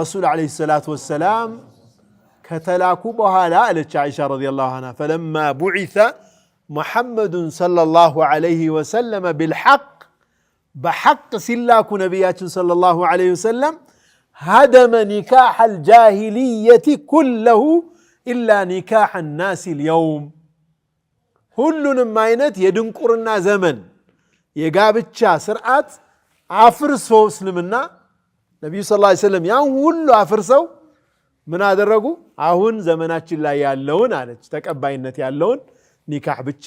ረሱል ዓለይሂ ሰላቱ ወሰላም ከተላኩ በኋላ አለች አይሻ ረዲየላሁ አንሃ ፈለማ ቡዒተ ሙሐመዱን ሰለላሁ ዓለይሂ ወሰለመ ቢልሐቅ በሐቅ ሲላኩ ነቢያችን ሰለላሁ ዓለይሂ ወሰለም ሀደመ ኒካሕ አልጃሂልየቲ ኩለሁ ኢላ ኒካሕ ናሲ ልየውም ሁሉንም አይነት የድንቁርና ዘመን የጋብቻ ስርዓት አፍርሶ እስልምና ነቢዩ ስ ላ ስለም ያን ሁሉ አፍርሰው ምን አደረጉ? አሁን ዘመናችን ላይ ያለውን አለች ተቀባይነት ያለውን ኒካህ ብቻ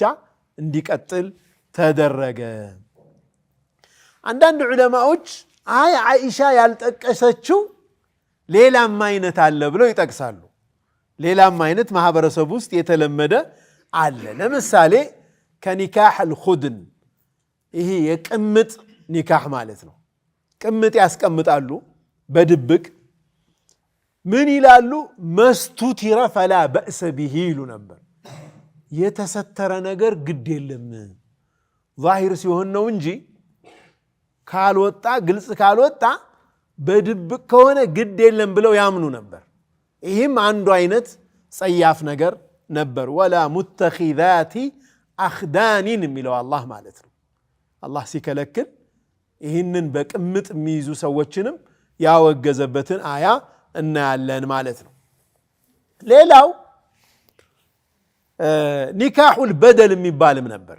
እንዲቀጥል ተደረገ። አንዳንድ ዑለማዎች አይ አኢሻ ያልጠቀሰችው ሌላም አይነት አለ ብለው ይጠቅሳሉ። ሌላም አይነት ማህበረሰብ ውስጥ የተለመደ አለ። ለምሳሌ ከኒካህ አልኹድን ይሄ የቅምጥ ኒካህ ማለት ነው። ቅምጥ ያስቀምጣሉ በድብቅ ምን ይላሉ? መስቱቲረ ፈላ በእሰ ቢሂ ይሉ ነበር። የተሰተረ ነገር ግድ የለም ዛሂር ሲሆን ነው እንጂ ካልወጣ ግልጽ ካልወጣ በድብቅ ከሆነ ግድ የለም ብለው ያምኑ ነበር። ይህም አንዱ አይነት ጸያፍ ነገር ነበር። ወላ ሙተኪዛቲ አክዳኒን የሚለው አላህ ማለት ነው። አላህ ሲከለክል ይህንን በቅምጥ የሚይዙ ሰዎችንም ያወገዘበትን አያ እናያለን ማለት ነው። ሌላው ኒካሑል በደል የሚባልም ነበር።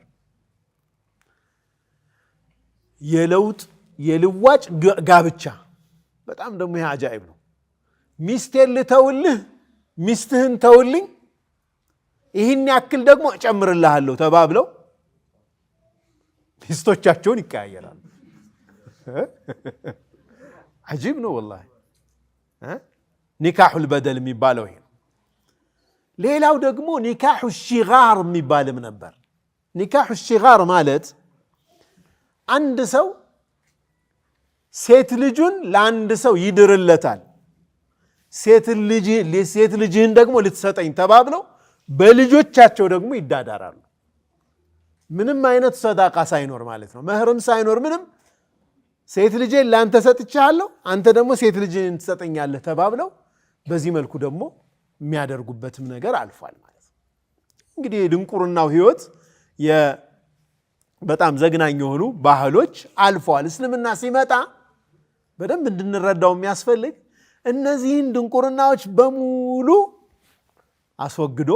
የለውጥ የልዋጭ ጋብቻ በጣም ደግሞ ይህ አጃኢብ ነው። ሚስቴን ልተውልህ፣ ሚስትህን ተውልኝ፣ ይህን ያክል ደግሞ እጨምርልሃለሁ ተባብለው ሚስቶቻቸውን ይቀያየራሉ። አጂብ ነው ወላሂ። ኒካሑል በደል የሚባለው ይሄ ሌላው ደግሞ ኒካሑ ሽጋር የሚባልም ነበር። ኒካሑ ሽጋር ማለት አንድ ሰው ሴት ልጁን ለአንድ ሰው ይድርለታል። ሴት ልጅህን ደግሞ ልትሰጠኝ ተባብለው በልጆቻቸው ደግሞ ይዳዳራሉ። ምንም አይነት ሰዳቃ ሳይኖር ማለት ነው፣ መህርም ሳይኖር ምንም ሴት ልጄን ለአንተ ሰጥቻለሁ አንተ ደግሞ ሴት ልጅን ትሰጠኛለህ ተባብለው በዚህ መልኩ ደግሞ የሚያደርጉበትም ነገር አልፏል ማለት ነው። እንግዲህ የድንቁርናው ህይወት በጣም ዘግናኝ የሆኑ ባህሎች አልፈዋል። እስልምና ሲመጣ በደንብ እንድንረዳው የሚያስፈልግ እነዚህን ድንቁርናዎች በሙሉ አስወግዶ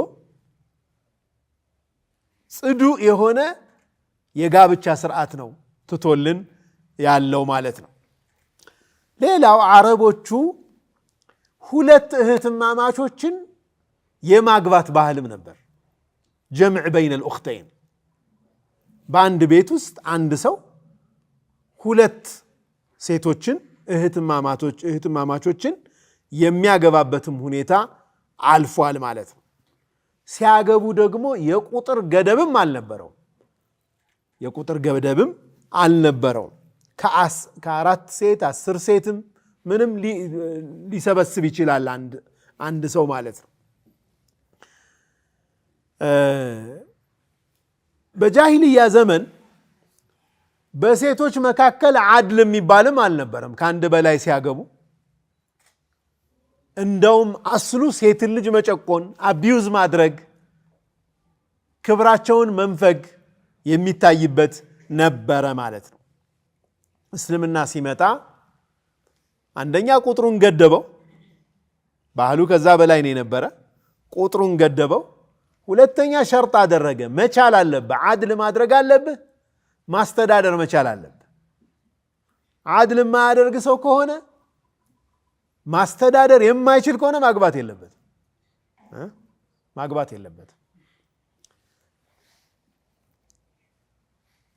ጽዱ የሆነ የጋብቻ ስርዓት ነው ትቶልን ያለው ማለት ነው። ሌላው አረቦቹ ሁለት እህትማማቾችን የማግባት ባህልም ነበር። ጀምዕ በይን ልኡክተይን በአንድ ቤት ውስጥ አንድ ሰው ሁለት ሴቶችን እህትማማቾችን የሚያገባበትም ሁኔታ አልፏል ማለት ነው። ሲያገቡ ደግሞ የቁጥር ገደብም አልነበረውም። የቁጥር ገደብም አልነበረውም። ከአራት ሴት አስር ሴትም ምንም ሊሰበስብ ይችላል አንድ ሰው ማለት ነው። በጃሂልያ ዘመን በሴቶች መካከል አድል የሚባልም አልነበረም። ከአንድ በላይ ሲያገቡ እንደውም አስሉ ሴትን ልጅ መጨቆን፣ አቢዩዝ ማድረግ፣ ክብራቸውን መንፈግ የሚታይበት ነበረ ማለት ነው። እስልምና ሲመጣ አንደኛ ቁጥሩን ገደበው። ባህሉ ከዛ በላይ ነው የነበረ። ቁጥሩን ገደበው። ሁለተኛ ሸርጥ አደረገ። መቻል አለብህ፣ አድል ማድረግ አለብህ፣ ማስተዳደር መቻል አለብህ። አድል የማያደርግ ሰው ከሆነ ማስተዳደር የማይችል ከሆነ ማግባት የለበትም ማግባት የለበትም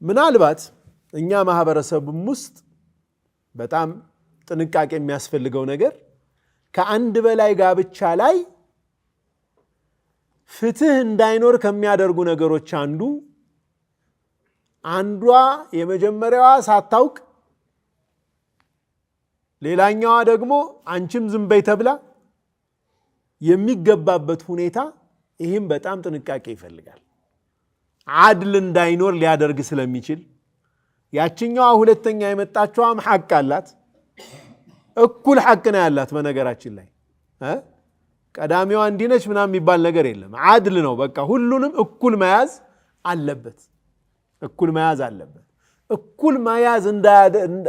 ምናልባት እኛ ማህበረሰብም ውስጥ በጣም ጥንቃቄ የሚያስፈልገው ነገር ከአንድ በላይ ጋብቻ ላይ ፍትህ እንዳይኖር ከሚያደርጉ ነገሮች አንዱ አንዷ የመጀመሪያዋ ሳታውቅ ሌላኛዋ ደግሞ አንቺም ዝም በይ ተብላ የሚገባበት ሁኔታ ይህም በጣም ጥንቃቄ ይፈልጋል። አድል እንዳይኖር ሊያደርግ ስለሚችል ያችኛዋ ሁለተኛ የመጣችዋም ሐቅ አላት። እኩል ሐቅ ነው ያላት። በነገራችን ላይ ቀዳሚዋ እንዲነች ምናም የሚባል ነገር የለም። አድል ነው በቃ ሁሉንም እኩል መያዝ አለበት። እኩል መያዝ አለበት። እኩል መያዝ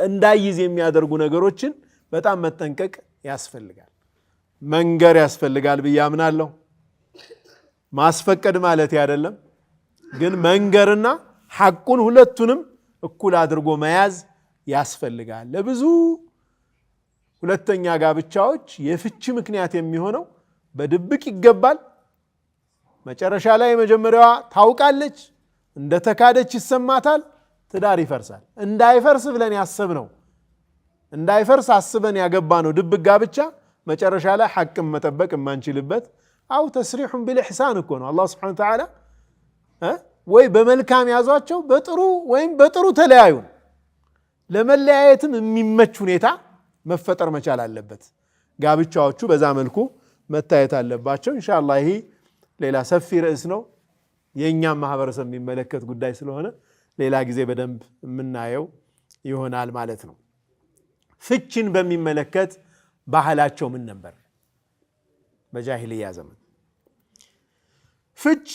እንዳይዝ የሚያደርጉ ነገሮችን በጣም መጠንቀቅ ያስፈልጋል፣ መንገር ያስፈልጋል ብዬ አምናለሁ። ማስፈቀድ ማለት አይደለም ግን መንገርና ሐቁን ሁለቱንም እኩል አድርጎ መያዝ ያስፈልጋል። ለብዙ ሁለተኛ ጋብቻዎች የፍቺ ምክንያት የሚሆነው በድብቅ ይገባል፣ መጨረሻ ላይ የመጀመሪያዋ ታውቃለች፣ እንደ ተካደች ይሰማታል፣ ትዳር ይፈርሳል። እንዳይፈርስ ብለን ያስብ ነው እንዳይፈርስ አስበን ያገባ ነው ድብቅ ጋብቻ መጨረሻ ላይ ሐቅም መጠበቅ የማንችልበት አው ተስሪሑን ቢልኢሕሳን እኮ ነው አላህ ስብሓነሁ ወተዓላ ወይ በመልካም ያዟቸው በጥሩ ወይም በጥሩ ተለያዩ። ለመለያየትም የሚመች ሁኔታ መፈጠር መቻል አለበት። ጋብቻዎቹ በዛ መልኩ መታየት አለባቸው። እንሻላ ይሄ ሌላ ሰፊ ርዕስ ነው። የእኛም ማህበረሰብ የሚመለከት ጉዳይ ስለሆነ ሌላ ጊዜ በደንብ የምናየው ይሆናል ማለት ነው። ፍችን በሚመለከት ባህላቸው ምን ነበር? በጃሂልያ ዘመን ፍች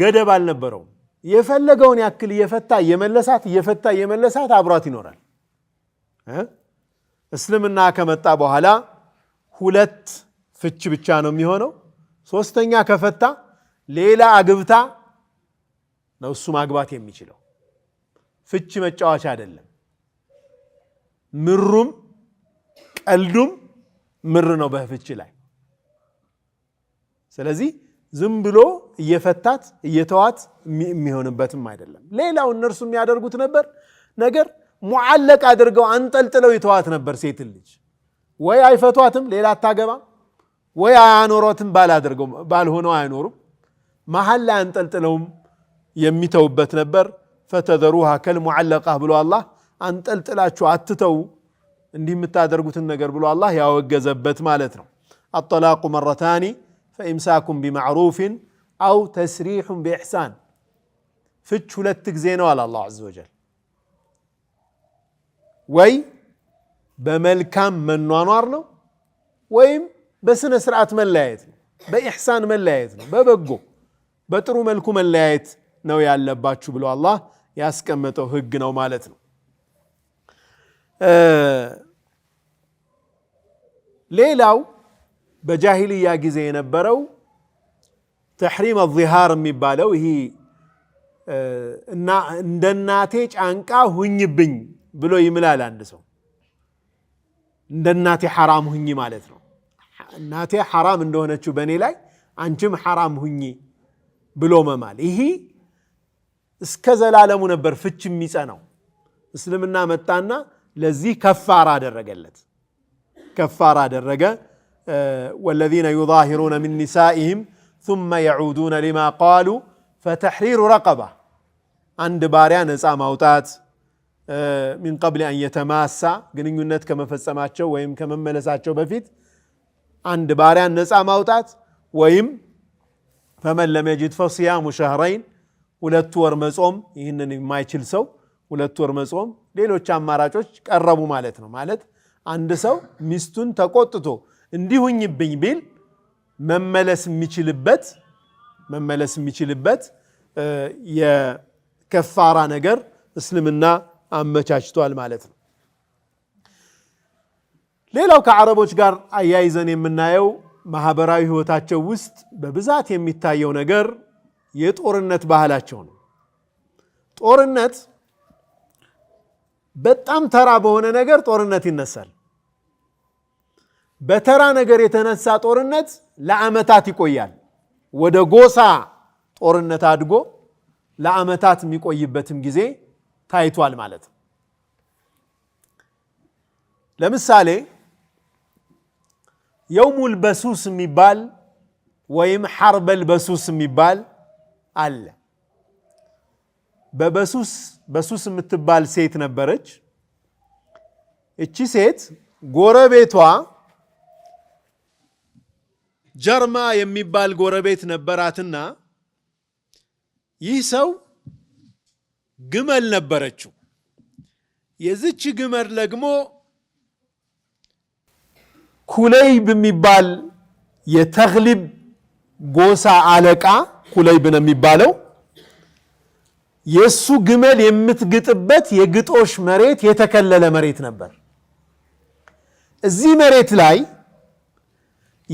ገደብ አልነበረውም። የፈለገውን ያክል እየፈታ እየመለሳት እየፈታ እየመለሳት አብሯት ይኖራል። እስልምና ከመጣ በኋላ ሁለት ፍች ብቻ ነው የሚሆነው። ሶስተኛ ከፈታ ሌላ አግብታ ነው እሱ ማግባት የሚችለው። ፍች መጫወቻ አይደለም። ምሩም ቀልዱም ምር ነው በፍች ላይ ስለዚህ ዝም ብሎ እየፈታት እየተዋት የሚሆንበትም አይደለም። ሌላው እነርሱ የሚያደርጉት ነበር ነገር ሙዓለቅ አድርገው አንጠልጥለው ይተዋት ነበር። ሴት ልጅ ወይ አይፈቷትም፣ ሌላ አታገባም፣ ወይ አያኖሯትም፣ ባልሆነው አይኖሩም። መሀል ላይ አንጠልጥለውም የሚተውበት ነበር። ፈተዘሩሃ ከልሙዓለቃህ ብሎ አላህ አንጠልጥላችሁ አትተው እንዲህ የምታደርጉትን ነገር ብሎ አላህ ያወገዘበት ማለት ነው። አጠላቁ መረታኒ فإمساك بمعروف أو تسريح بإحسان فتش ولتك زين ولا الله عز وجل وي بملكام من نوانو ويم بس سرعات من لايت بإحسان من لايت ببقو بترو ملكو من لايت نو يالا باتشو الله ياسكمتو هجنا ومالتنا آه ليلاو በጃሂልያ ጊዜ የነበረው ተሕሪም አዚሃር የሚባለው ይህ እንደ እናቴ ጫንቃ ሁኝብኝ ብሎ ይምላል አንድ ሰው። እንደ እናቴ ሐራም ሁኝ ማለት ነው። እናቴ ሐራም እንደሆነችው በእኔ ላይ አንቺም ሐራም ሁኝ ብሎ መማል፣ ይህ እስከ ዘላለሙ ነበር ፍች የሚጸናው። እስልምና መጣና ለዚህ ከፋራ አደረገለት፣ ከፋራ አደረገ። ወለዚነ ዩዛሂሩነ ሚን ኒሳኢሂም ሱመ የዑዱነ ሊማ ቃሉ ፈተሕሪሩ ረቀባ አንድ ባሪያ ነፃ ማውጣት ሚን ቀብል አን የተማሳ ግንኙነት ከመፈጸማቸው ወይም ከመመለሳቸው በፊት አንድ ባሪያን ነፃ ማውጣት ወይም ፈመን ለም የጅድ ፈሲያሙ ሸህረይን ሁለት ወር መጾም። ይህንን የማይችል ሰው ሁለት ወር መጾም፣ ሌሎች አማራጮች ቀረቡ ማለት ነው። ማለት አንድ ሰው ሚስቱን ተቆጥቶ እንዲሁኝብኝ ቢል መመለስ የሚችልበት መመለስ የሚችልበት የከፋራ ነገር እስልምና አመቻችቷል ማለት ነው። ሌላው ከአረቦች ጋር አያይዘን የምናየው ማህበራዊ ህይወታቸው ውስጥ በብዛት የሚታየው ነገር የጦርነት ባህላቸው ነው። ጦርነት በጣም ተራ በሆነ ነገር ጦርነት ይነሳል። በተራ ነገር የተነሳ ጦርነት ለዓመታት ይቆያል። ወደ ጎሳ ጦርነት አድጎ ለዓመታት የሚቆይበትም ጊዜ ታይቷል ማለት ነው። ለምሳሌ የውሙል በሱስ የሚባል ወይም ሐርበል በሱስ የሚባል አለ። በበሱስ በሱስ የምትባል ሴት ነበረች። እቺ ሴት ጎረቤቷ ጀርማ የሚባል ጎረቤት ነበራትና ይህ ሰው ግመል ነበረችው። የዚች ግመል ደግሞ ኩለይብ የሚባል የተክሊብ ጎሳ አለቃ ኩለይብ ነው የሚባለው። የእሱ ግመል የምትግጥበት የግጦሽ መሬት የተከለለ መሬት ነበር። እዚህ መሬት ላይ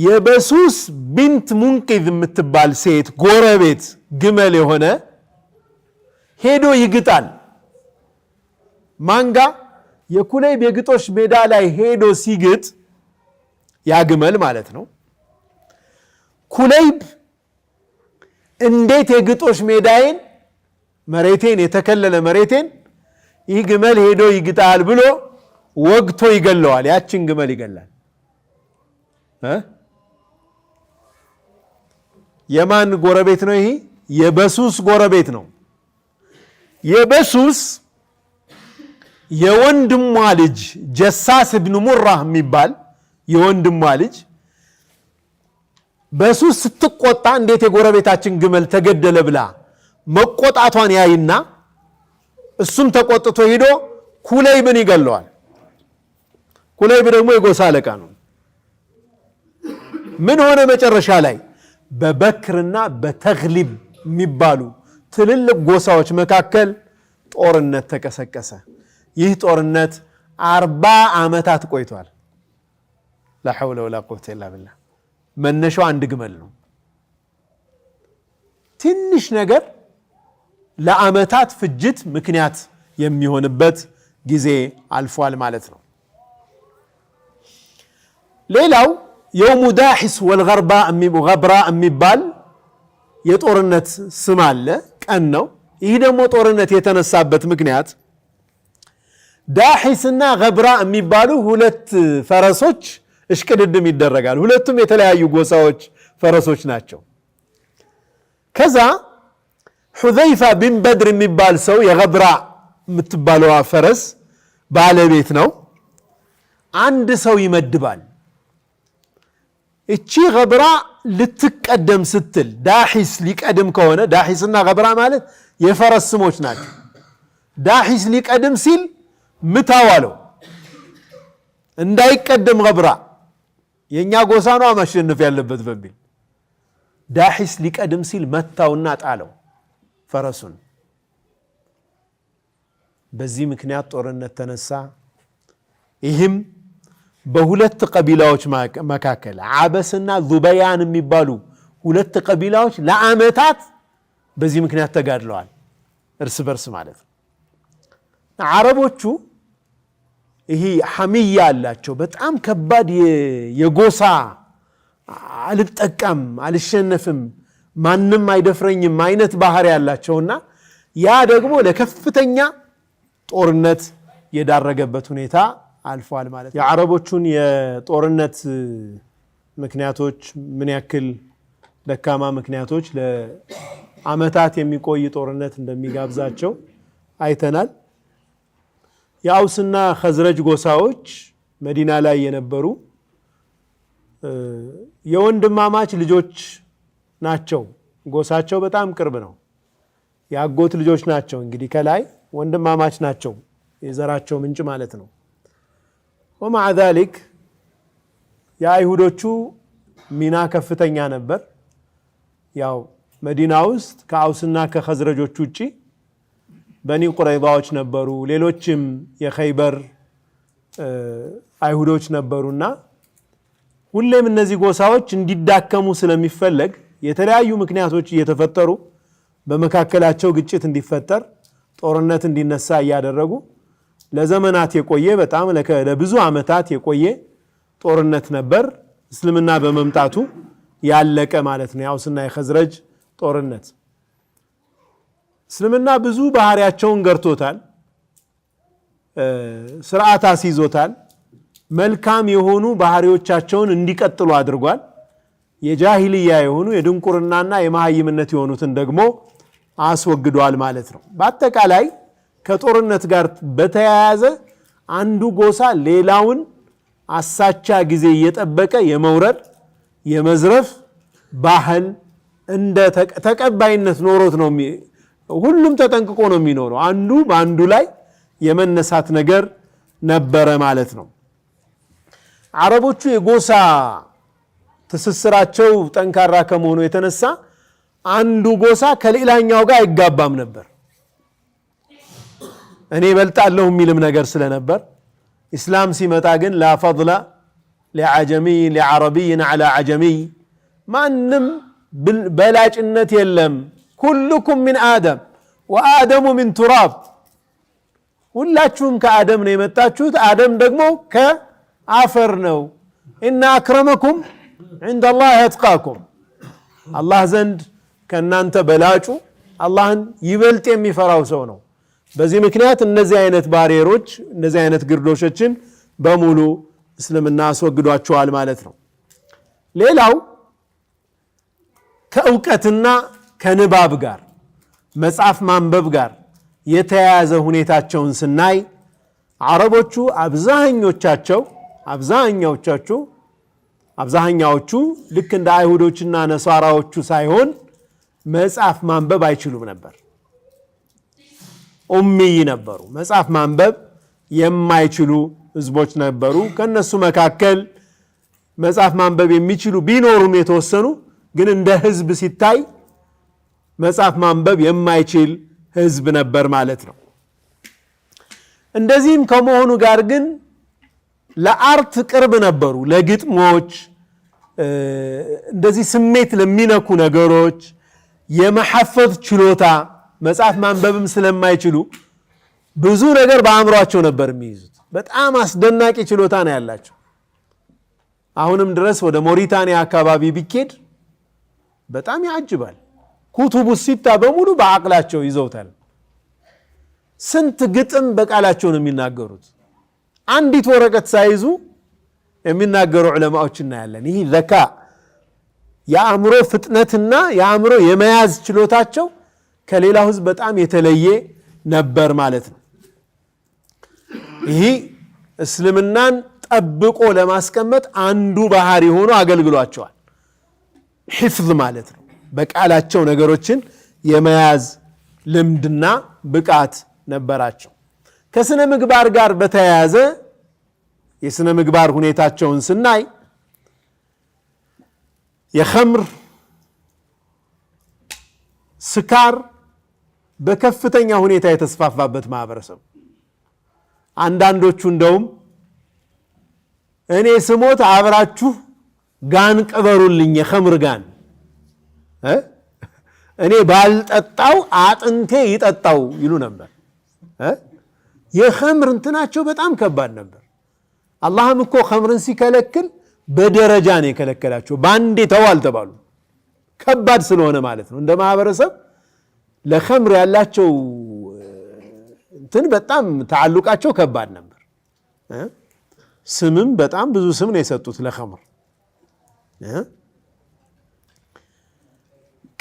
የበሱስ ቢንት ሙንቂዝ የምትባል ሴት ጎረቤት ግመል የሆነ ሄዶ ይግጣል። ማንጋ የኩለይብ የግጦሽ ሜዳ ላይ ሄዶ ሲግጥ ያ ግመል ማለት ነው። ኩለይብ እንዴት የግጦሽ ሜዳዬን መሬቴን የተከለለ መሬቴን ይህ ግመል ሄዶ ይግጣል ብሎ ወግቶ ይገለዋል። ያችን ግመል ይገላል። የማን ጎረቤት ነው? ይሄ የበሱስ ጎረቤት ነው። የበሱስ የወንድሟ ልጅ ጀሳስ እብን ሙራህ የሚባል የወንድሟ ልጅ በሱስ ስትቆጣ እንዴት የጎረቤታችን ግመል ተገደለ ብላ መቆጣቷን ያይና እሱም ተቆጥቶ ሂዶ ኩለይብን ይገለዋል። ኩለይብ ደግሞ የጎሳ አለቃ ነው። ምን ሆነ መጨረሻ ላይ በበክርና በተግሊብ የሚባሉ ትልልቅ ጎሳዎች መካከል ጦርነት ተቀሰቀሰ። ይህ ጦርነት አርባ ዓመታት ቆይቷል። ላሐውለ ወላ ቁወተ ኢላ ቢላህ። መነሻው አንድ ግመል ነው። ትንሽ ነገር ለዓመታት ፍጅት ምክንያት የሚሆንበት ጊዜ አልፏል ማለት ነው። ሌላው የውሙ ዳሒስ ወልገብራ የሚባል የጦርነት ስም አለ። ቀን ነው። ይህ ደግሞ ጦርነት የተነሳበት ምክንያት ዳሒስና ገብራ የሚባሉ ሁለት ፈረሶች እሽቅድድም ይደረጋል። ሁለቱም የተለያዩ ጎሳዎች ፈረሶች ናቸው። ከዛ ሑዘይፋ ቢን በድር የሚባል ሰው የገብራ የምትባለዋ ፈረስ ባለቤት ነው። አንድ ሰው ይመድባል እቺ ገብራ ልትቀደም ስትል ዳሒስ ሊቀድም ከሆነ ዳሒስና ገብራ ማለት የፈረስ ስሞች ናቸው። ዳሒስ ሊቀድም ሲል ምታዋለው እንዳይቀደም ገብራ የእኛ ጎሳ ነው ማሸነፍ ያለበት በሚል ዳሒስ ሊቀድም ሲል መታውና ጣለው ፈረሱን። በዚህ ምክንያት ጦርነት ተነሳ። ይህም በሁለት ቀቢላዎች መካከል አበስና ዙበያን የሚባሉ ሁለት ቀቢላዎች ለአመታት በዚህ ምክንያት ተጋድለዋል፣ እርስ በርስ ማለት ነው። አረቦቹ ይህ ሐሚያ አላቸው። በጣም ከባድ የጎሳ አልጠቃም፣ አልሸነፍም፣ ማንም አይደፍረኝም አይነት ባህሪ ያላቸውና ያ ደግሞ ለከፍተኛ ጦርነት የዳረገበት ሁኔታ አልፏል ማለት ነው። የአረቦቹን የጦርነት ምክንያቶች ምን ያክል ደካማ ምክንያቶች ለአመታት የሚቆይ ጦርነት እንደሚጋብዛቸው አይተናል። የአውስና ኸዝረጅ ጎሳዎች መዲና ላይ የነበሩ የወንድማማች ልጆች ናቸው። ጎሳቸው በጣም ቅርብ ነው። የአጎት ልጆች ናቸው። እንግዲህ ከላይ ወንድማማች ናቸው፣ የዘራቸው ምንጭ ማለት ነው። ወማዓ ዛሊክ የአይሁዶቹ ሚና ከፍተኛ ነበር። ያው መዲና ውስጥ ከአውስና ከኸዝረጆች ውጪ በኒ ቁረይዛዎች ነበሩ፣ ሌሎችም የኸይበር አይሁዶች ነበሩና ሁሌም እነዚህ ጎሳዎች እንዲዳከሙ ስለሚፈለግ የተለያዩ ምክንያቶች እየተፈጠሩ በመካከላቸው ግጭት እንዲፈጠር ጦርነት እንዲነሳ እያደረጉ ለዘመናት የቆየ በጣም ለብዙ ዓመታት የቆየ ጦርነት ነበር። እስልምና በመምጣቱ ያለቀ ማለት ነው። የአውስና የኸዝረጅ ጦርነት እስልምና ብዙ ባህሪያቸውን ገርቶታል፣ ስርዓት አስይዞታል፣ መልካም የሆኑ ባህሪዎቻቸውን እንዲቀጥሉ አድርጓል። የጃሂልያ የሆኑ የድንቁርናና የመሀይምነት የሆኑትን ደግሞ አስወግዷል ማለት ነው በአጠቃላይ ከጦርነት ጋር በተያያዘ አንዱ ጎሳ ሌላውን አሳቻ ጊዜ እየጠበቀ የመውረድ የመዝረፍ ባህል እንደ ተቀባይነት ኖሮት ነው። ሁሉም ተጠንቅቆ ነው የሚኖረው። አንዱ በአንዱ ላይ የመነሳት ነገር ነበረ ማለት ነው። አረቦቹ የጎሳ ትስስራቸው ጠንካራ ከመሆኑ የተነሳ አንዱ ጎሳ ከሌላኛው ጋር አይጋባም ነበር። እኔ በልጣለሁ የሚልም ነገር ስለነበር ኢስላም ሲመጣ ግን ላ ፈድላ ሊዓጀሚይ ሊዓረቢይን ዓላ ዓጀሚይ ማንም በላጭነት የለም። ኩልኩም ሚን አደም ወአደሙ ሚን ቱራብ ሁላችሁም ከአደም ነው የመጣችሁት፣ አደም ደግሞ ከአፈር ነው። እና አክረመኩም ዐንደ አላህ አትቃኩም አላህ ዘንድ ከእናንተ በላጩ አላህን ይበልጥ የሚፈራው ሰው ነው። በዚህ ምክንያት እነዚህ አይነት ባሪየሮች እነዚህ አይነት ግርዶሾችን በሙሉ እስልምና አስወግዷቸዋል ማለት ነው። ሌላው ከእውቀትና ከንባብ ጋር መጽሐፍ ማንበብ ጋር የተያያዘ ሁኔታቸውን ስናይ አረቦቹ አብዛኞቻቸው አብዛኛዎቻቸው አብዛኛዎቹ ልክ እንደ አይሁዶችና ነሳራዎቹ ሳይሆን መጽሐፍ ማንበብ አይችሉም ነበር። ኡሚይ ነበሩ፣ መጽሐፍ ማንበብ የማይችሉ ህዝቦች ነበሩ። ከነሱ መካከል መጽሐፍ ማንበብ የሚችሉ ቢኖሩም የተወሰኑ ግን እንደ ህዝብ ሲታይ መጽሐፍ ማንበብ የማይችል ህዝብ ነበር ማለት ነው። እንደዚህም ከመሆኑ ጋር ግን ለአርት ቅርብ ነበሩ። ለግጥሞች፣ እንደዚህ ስሜት ለሚነኩ ነገሮች የመሐፈት ችሎታ መጽሐፍ ማንበብም ስለማይችሉ ብዙ ነገር በአእምሯቸው ነበር የሚይዙት። በጣም አስደናቂ ችሎታ ነው ያላቸው። አሁንም ድረስ ወደ ሞሪታንያ አካባቢ ቢኬድ በጣም ያጅባል። ኩቱቡ ሲታ በሙሉ በአቅላቸው ይዘውታል። ስንት ግጥም በቃላቸው ነው የሚናገሩት። አንዲት ወረቀት ሳይዙ የሚናገሩ ዑለማዎች እናያለን። ይህ ዘካ የአእምሮ ፍጥነትና የአእምሮ የመያዝ ችሎታቸው ከሌላው ህዝብ በጣም የተለየ ነበር ማለት ነው። ይህ እስልምናን ጠብቆ ለማስቀመጥ አንዱ ባህሪ ሆኖ አገልግሏቸዋል። ሒፍዝ ማለት ነው። በቃላቸው ነገሮችን የመያዝ ልምድና ብቃት ነበራቸው። ከስነ ምግባር ጋር በተያያዘ የስነ ምግባር ሁኔታቸውን ስናይ የኸምር ስካር በከፍተኛ ሁኔታ የተስፋፋበት ማህበረሰብ። አንዳንዶቹ እንደውም እኔ ስሞት አብራችሁ ጋን ቅበሩልኝ፣ የኸምር ጋን እኔ ባልጠጣው አጥንቴ ይጠጣው ይሉ ነበር። የኸምር እንትናቸው በጣም ከባድ ነበር። አላህም እኮ ኸምርን ሲከለክል በደረጃ ነው የከለከላቸው። በአንዴ ተው አልተባሉ ከባድ ስለሆነ ማለት ነው እንደ ማህበረሰብ ለኸምር ያላቸው እንትን በጣም ተዓሉቃቸው ከባድ ነበር። ስምም በጣም ብዙ ስም ነው የሰጡት ለኸምር።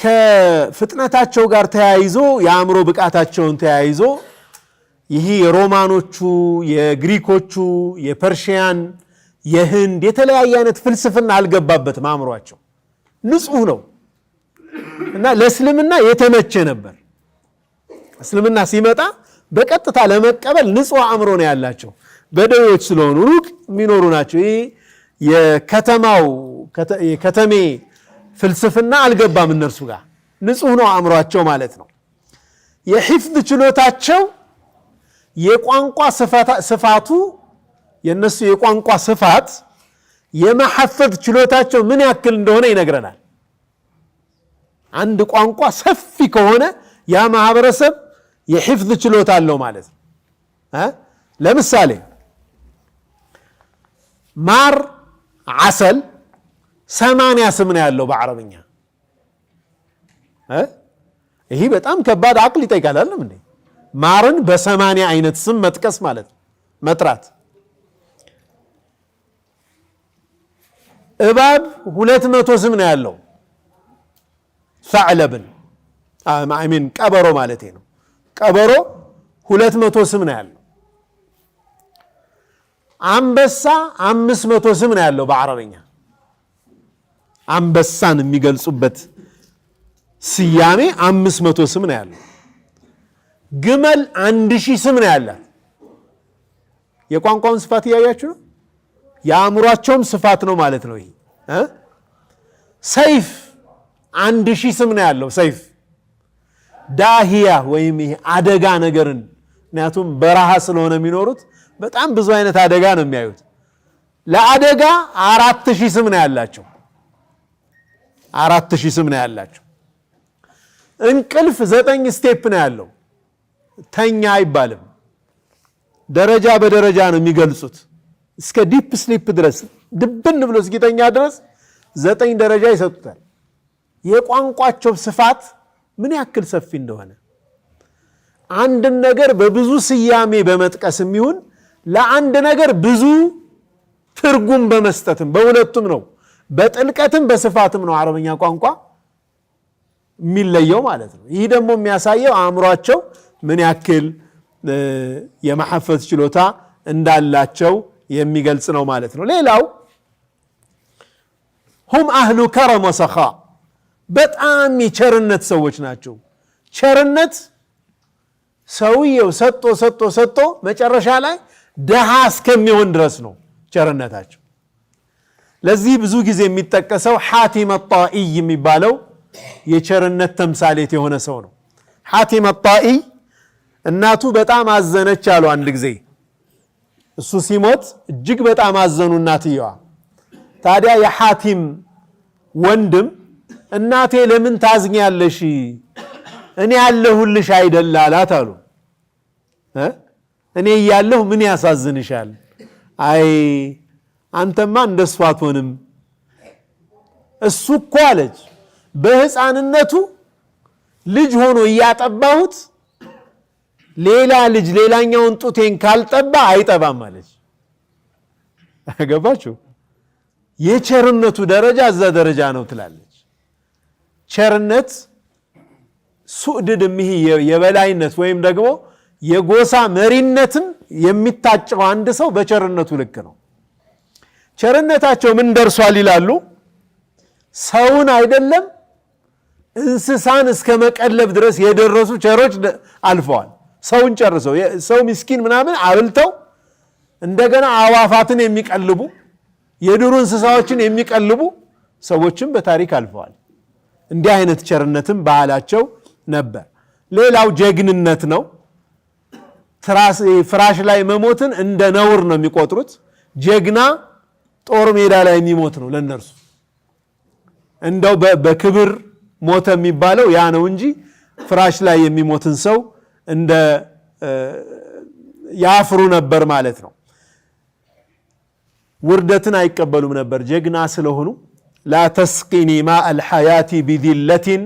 ከፍጥነታቸው ጋር ተያይዞ የአእምሮ ብቃታቸውን ተያይዞ ይህ የሮማኖቹ፣ የግሪኮቹ፣ የፐርሽያን የህንድ የተለያየ አይነት ፍልስፍና አልገባበትም። አእምሯቸው ንጹህ ነው። እና ለእስልምና የተመቸ ነበር። እስልምና ሲመጣ በቀጥታ ለመቀበል ንጹህ አእምሮ ነው ያላቸው። በደዌዎች ስለሆኑ ሩቅ የሚኖሩ ናቸው። ይህ የከተማው የከተሜ ፍልስፍና አልገባም እነርሱ ጋር ንጹህ ነው አእምሯቸው ማለት ነው። የሂፍዝ ችሎታቸው የቋንቋ ስፋቱ የእነሱ የቋንቋ ስፋት የማሐፈዝ ችሎታቸው ምን ያክል እንደሆነ ይነግረናል። አንድ ቋንቋ ሰፊ ከሆነ ያ ማህበረሰብ የሕፍዝ ችሎታ አለው ማለት ነው። ለምሳሌ ማር ዓሰል ሰማንያ ስም ነው ያለው በአረብኛ። ይሄ በጣም ከባድ አቅል ይጠይቃል። አለም እ ማርን በሰማንያ አይነት ስም መጥቀስ ማለት ነው መጥራት። እባብ ሁለት መቶ ስም ነው ያለው ሰዕለብን ሚን ቀበሮ ማለት ነው። ቀበሮ ሁለት መቶ ስም ነው ያለው። አንበሳ አምስት መቶ ስም ነው ያለው በአረበኛ አንበሳን የሚገልጹበት ስያሜ አምስት መቶ ስም ነው ያለው። ግመል አንድ ሺህ ስም ነው ያላት። የቋንቋውን ስፋት እያያችሁ ነው። የአእምሯቸውም ስፋት ነው ማለት ነው ይሄ ሰይፍ አንድ ሺህ ስም ነው ያለው ሰይፍ ዳሂያ ወይም ይሄ አደጋ ነገርን ምክንያቱም በረሃ ስለሆነ የሚኖሩት በጣም ብዙ አይነት አደጋ ነው የሚያዩት። ለአደጋ አራት ሺህ ስም ነው ያላቸው። አራት ሺህ ስም ነው ያላቸው። እንቅልፍ ዘጠኝ ስቴፕ ነው ያለው። ተኛ አይባልም። ደረጃ በደረጃ ነው የሚገልጹት። እስከ ዲፕ ስሊፕ ድረስ ድብን ብሎ እስኪተኛ ድረስ ዘጠኝ ደረጃ ይሰጡታል። የቋንቋቸው ስፋት ምን ያክል ሰፊ እንደሆነ አንድን ነገር በብዙ ስያሜ በመጥቀስ የሚሆን ለአንድ ነገር ብዙ ትርጉም በመስጠትም በሁለቱም ነው፣ በጥልቀትም በስፋትም ነው አረበኛ ቋንቋ የሚለየው ማለት ነው። ይህ ደግሞ የሚያሳየው አእምሯቸው ምን ያክል የማሐፈዝ ችሎታ እንዳላቸው የሚገልጽ ነው ማለት ነው። ሌላው ሁም አህሉ ከረም ወሰኻ በጣም የቸርነት ሰዎች ናቸው። ቸርነት ሰውየው ሰጦ ሰጦ ሰጦ መጨረሻ ላይ ደሃ እስከሚሆን ድረስ ነው ቸርነታቸው። ለዚህ ብዙ ጊዜ የሚጠቀሰው ሐቲም ጣኢይ የሚባለው የቸርነት ተምሳሌት የሆነ ሰው ነው። ሐቲም ጣኢይ እናቱ በጣም አዘነች አሉ። አንድ ጊዜ እሱ ሲሞት እጅግ በጣም አዘኑ እናትየዋ። ታዲያ የሓቲም ወንድም እናቴ ለምን ታዝኛለሽ? እኔ ያለሁልሽ አይደል አላት አሉ። እኔ እያለሁ ምን ያሳዝንሻል? አይ አንተማ እንደሱ አትሆንም። እሱ እኮ አለች በህፃንነቱ ልጅ ሆኖ እያጠባሁት ሌላ ልጅ ሌላኛውን ጡቴን ካልጠባ አይጠባም አለች። ገባችሁ? የቸርነቱ ደረጃ እዛ ደረጃ ነው ትላለች። ቸርነት ሱዕድድ እምሂ የበላይነት ወይም ደግሞ የጎሳ መሪነትን የሚታጨው አንድ ሰው በቸርነቱ ልክ ነው። ቸርነታቸው ምን ደርሷል ይላሉ? ሰውን አይደለም እንስሳን እስከ መቀለብ ድረስ የደረሱ ቸሮች አልፈዋል። ሰውን ጨርሰው ሰው ምስኪን ምናምን አብልተው እንደገና አዋፋትን የሚቀልቡ የዱር እንስሳዎችን የሚቀልቡ ሰዎችም በታሪክ አልፈዋል። እንዲህ አይነት ቸርነትም ባህላቸው ነበር። ሌላው ጀግንነት ነው። ፍራሽ ላይ መሞትን እንደ ነውር ነው የሚቆጥሩት። ጀግና ጦር ሜዳ ላይ የሚሞት ነው ለነርሱ። እንደው በክብር ሞተ የሚባለው ያ ነው እንጂ ፍራሽ ላይ የሚሞትን ሰው እንደ ያፍሩ ነበር ማለት ነው። ውርደትን አይቀበሉም ነበር ጀግና ስለሆኑ ላ ተስቂኒ ማء ልሓያት ብذለትን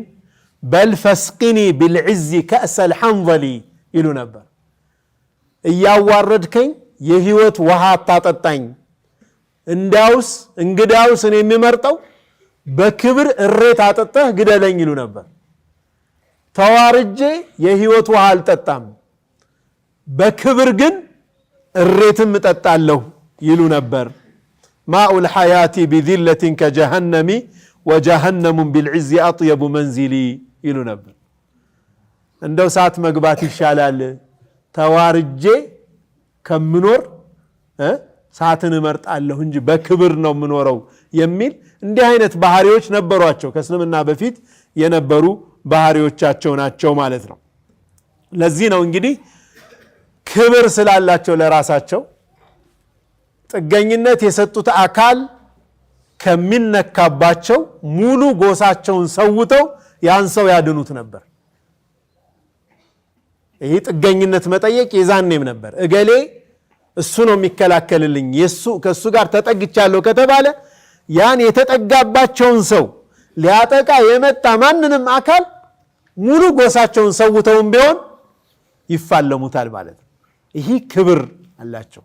በል ፈስቂኒ ብልዕዚ ከእሰ ልሐንዘሊ ይሉ ነበር። እያዋረድከኝ የህይወት ውሃ አታጠጣኝ፣ እንዳውስ እንግዳውስ እኔ የሚመርጠው በክብር እሬት አጠጠህ ግደለኝ ይሉ ነበር። ተዋርጄ የህይወት ውሃ አልጠጣም፣ በክብር ግን እሬትም እጠጣለሁ ይሉ ነበር። ማኡ ልሐያቲ ቢዚለትን ከጀሃነሚ ወጀሃነሙን ቢልዕዝ አጥየቡ መንዚሊ ይሉ ነበር። እንደው ሰዓት መግባት ይሻላል ተዋርጄ ከምኖር ሰዓትን እመርጣለሁ እንጂ በክብር ነው የምኖረው የሚል እንዲህ አይነት ባህሪዎች ነበሯቸው። ከእስልምና በፊት የነበሩ ባህሪዎቻቸው ናቸው ማለት ነው። ለዚህ ነው እንግዲህ ክብር ስላላቸው ለራሳቸው ጥገኝነት የሰጡት አካል ከሚነካባቸው ሙሉ ጎሳቸውን ሰውተው ያን ሰው ያድኑት ነበር። ይህ ጥገኝነት መጠየቅ የዛኔም ነበር። እገሌ እሱ ነው የሚከላከልልኝ ከእሱ ጋር ተጠግቻለሁ ከተባለ ያን የተጠጋባቸውን ሰው ሊያጠቃ የመጣ ማንንም አካል ሙሉ ጎሳቸውን ሰውተውም ቢሆን ይፋለሙታል ማለት ነው። ይህ ክብር አላቸው።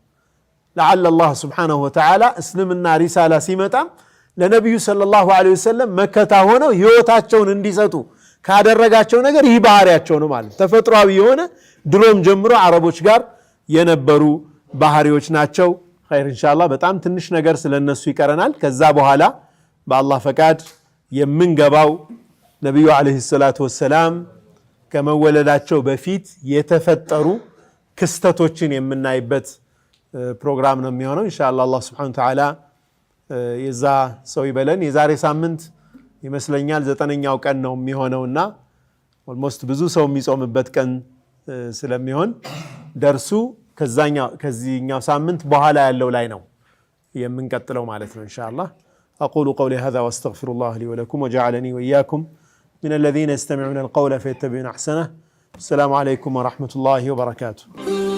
ለዓለ አላህ ስብሓነሁ ወተዓላ እስልምና ሪሳላ ሲመጣም ለነቢዩ ሰለላሁ ዐለይሂ ወሰለም መከታ ሆነው ህይወታቸውን እንዲሰጡ ካደረጋቸው ነገር ይህ ባህሪያቸው ነው ማለት ተፈጥሯዊ የሆነ ድሮም ጀምሮ አረቦች ጋር የነበሩ ባህሪዎች ናቸው። ኸይር ኢንሻአላህ በጣም ትንሽ ነገር ስለነሱ ይቀረናል። ከዛ በኋላ በአላህ ፈቃድ የምንገባው ነቢዩ ዐለይሂ ሰላቱ ወሰላም ከመወለዳቸው በፊት የተፈጠሩ ክስተቶችን የምናይበት ፕሮግራም ነው የሚሆነው። ኢንሻላ አላህ ስብሐነሁ ተዓላ የዛ ሰው ይበለን። የዛሬ ሳምንት ይመስለኛል ዘጠነኛው ቀን ነው የሚሆነው እና ኦልሞስት ብዙ ሰው የሚጾምበት ቀን ስለሚሆን ደርሱ ከዚህኛው ሳምንት በኋላ ያለው ላይ ነው የምንቀጥለው ማለት ነው ኢንሻላ أقول قولي هذا وأستغفر الله لي ولكم وجعلني وإياكم من الذين يستمعون القول فيتبعون أحسنه السلام عليكم ورحمة الله وبركاته